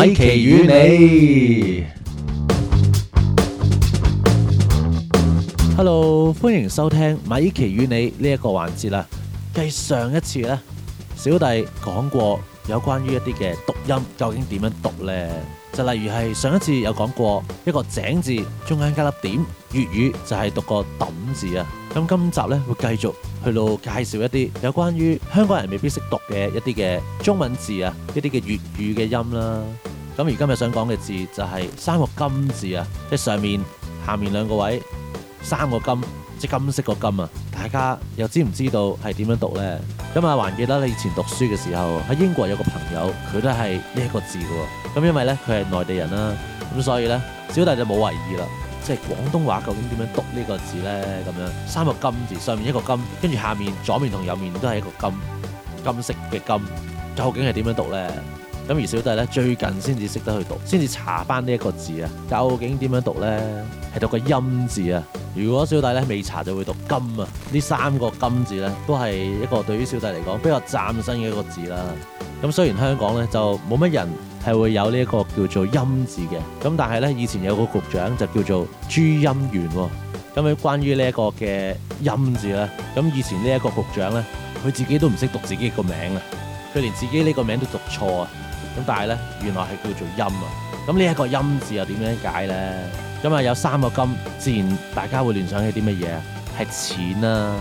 米奇與你，Hello，歡迎收聽米奇與你呢一個環節啦。繼上一次咧，小弟講過。有關於一啲嘅讀音，究竟點樣讀呢？就例如係上一次有講過一個井字，中間加粒點，粵語就係讀個抌字啊。咁今集呢，會繼續去到介紹一啲有關於香港人未必識讀嘅一啲嘅中文字啊，一啲嘅粵語嘅音啦。咁而今日想講嘅字就係三個金字啊，即係上面、下面兩個位三個金，即係金色個金啊。大家又知唔知道係點樣讀呢？咁啊，還記得你以前讀書嘅時候，喺英國有個朋友，佢都係呢一個字嘅喎。咁因為咧，佢係內地人啦，咁所以咧，小弟就冇懷疑啦，即係廣東話究竟點樣讀呢個字咧？咁樣三個金字，上面一個金，跟住下面左面同右面都係一個金，金色嘅金，究竟係點樣讀咧？咁而小弟咧，最近先至識得去讀，先至查翻呢一個字啊，究竟點樣讀呢？係讀個音字啊！如果小弟呢，未查就會讀金啊，呢三個金字呢，都係一個對於小弟嚟講比較艱深嘅一個字啦。咁雖然香港呢，就冇乜人係會有呢一個叫做音字嘅，咁但係呢，以前有個局長就叫做朱音源喎。咁咧關於呢一個嘅音字呢，咁以前呢一個局長呢，佢自己都唔識讀自己個名啊，佢連自己呢個名都讀錯啊！咁但係咧，原來係叫做「音」啊！咁呢一個「音」字又點樣解咧？咁啊有三個金，自然大家會聯想起啲乜嘢啊？係錢啦，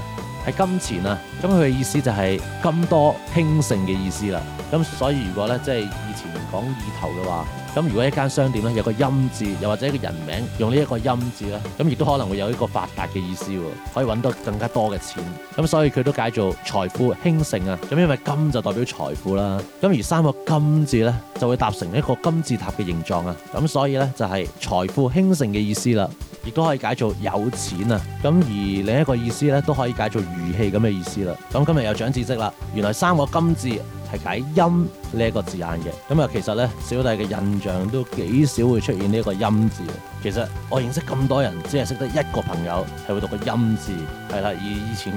係金錢啦，啊。咁佢嘅意思就係、是、金多興盛嘅意思啦。咁所以如果咧，即、就、係、是、以前講意頭嘅話。咁如果一間商店咧，有個鑫字，又或者一個人名用呢一個鑫字咧，咁亦都可能會有一個發達嘅意思喎，可以揾到更加多嘅錢。咁所以佢都解做財富興盛啊。咁因為金就代表財富啦，咁而三個金字咧，就會搭成一個金字塔嘅形狀啊。咁所以咧，就係財富興盛嘅意思啦，亦都可以解做有錢啊。咁而另一個意思咧，都可以解做餘氣咁嘅意思啦。咁今日又長知識啦，原來三個金字。係解音呢一個字眼嘅，咁、嗯、啊其實咧，小弟嘅印象都幾少會出現呢個音字。其實我認識咁多人，只係識得一個朋友係會讀個音字，係啦。以以前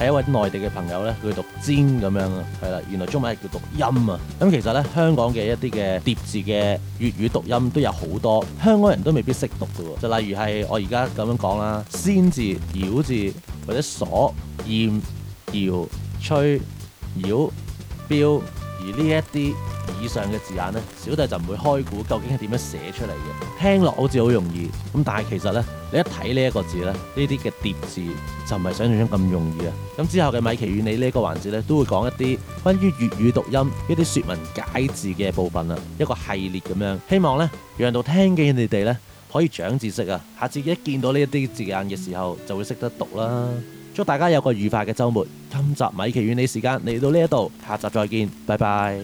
係一位內地嘅朋友咧，佢讀尖咁樣咯，係啦。原來中文係叫讀音啊。咁、嗯、其實咧，香港嘅一啲嘅疊字嘅粵語讀音都有好多，香港人都未必識讀㗎喎。就例如係我而家咁樣講啦，先字、繞字或者鎖、驗、搖、吹、繞。標而呢一啲以上嘅字眼呢，小弟就唔會開估究，究竟係點樣寫出嚟嘅。聽落好似好容易，咁但係其實呢，你一睇呢一個字咧，呢啲嘅疊字就唔係想像中咁容易啊。咁之後嘅米奇與你呢一個環節咧，都會講一啲關於粵語讀音一啲説文解字嘅部分啦，一個系列咁樣，希望呢讓到聽嘅你哋呢可以長知識啊。下次一見到呢一啲字眼嘅時候，就會識得讀啦。祝大家有個愉快嘅週末。今集米奇與你時間嚟到呢一度，下集再見，拜拜。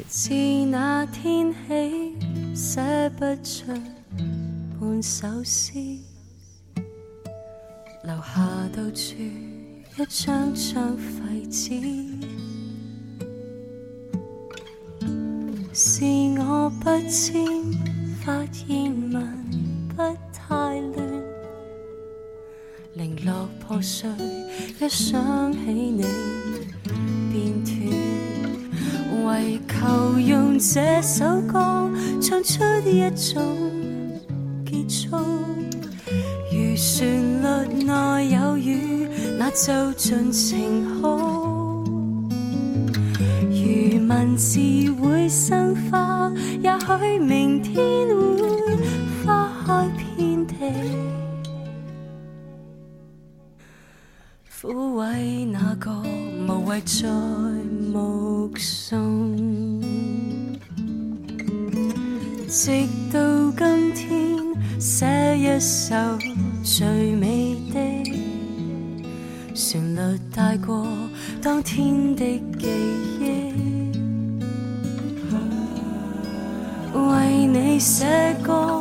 破碎，一想起你，便斷。唯求用這首歌唱出一種結束。如旋律內有雨，那就盡情哭。如文字會生花，也許明天會花開遍地。腐朽那個無謂再目送，直到今天寫一首最美的旋律，帶過當天的記憶，為你寫歌。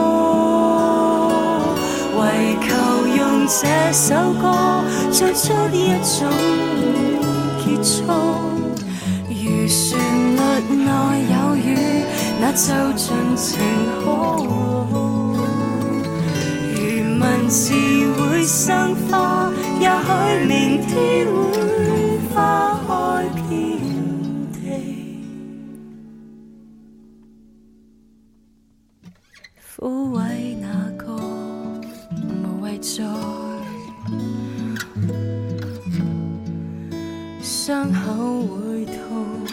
這首歌唱出一種結束，如旋律內有雨，那就盡情哭。如文字會生花，也許明天。傷口會痛。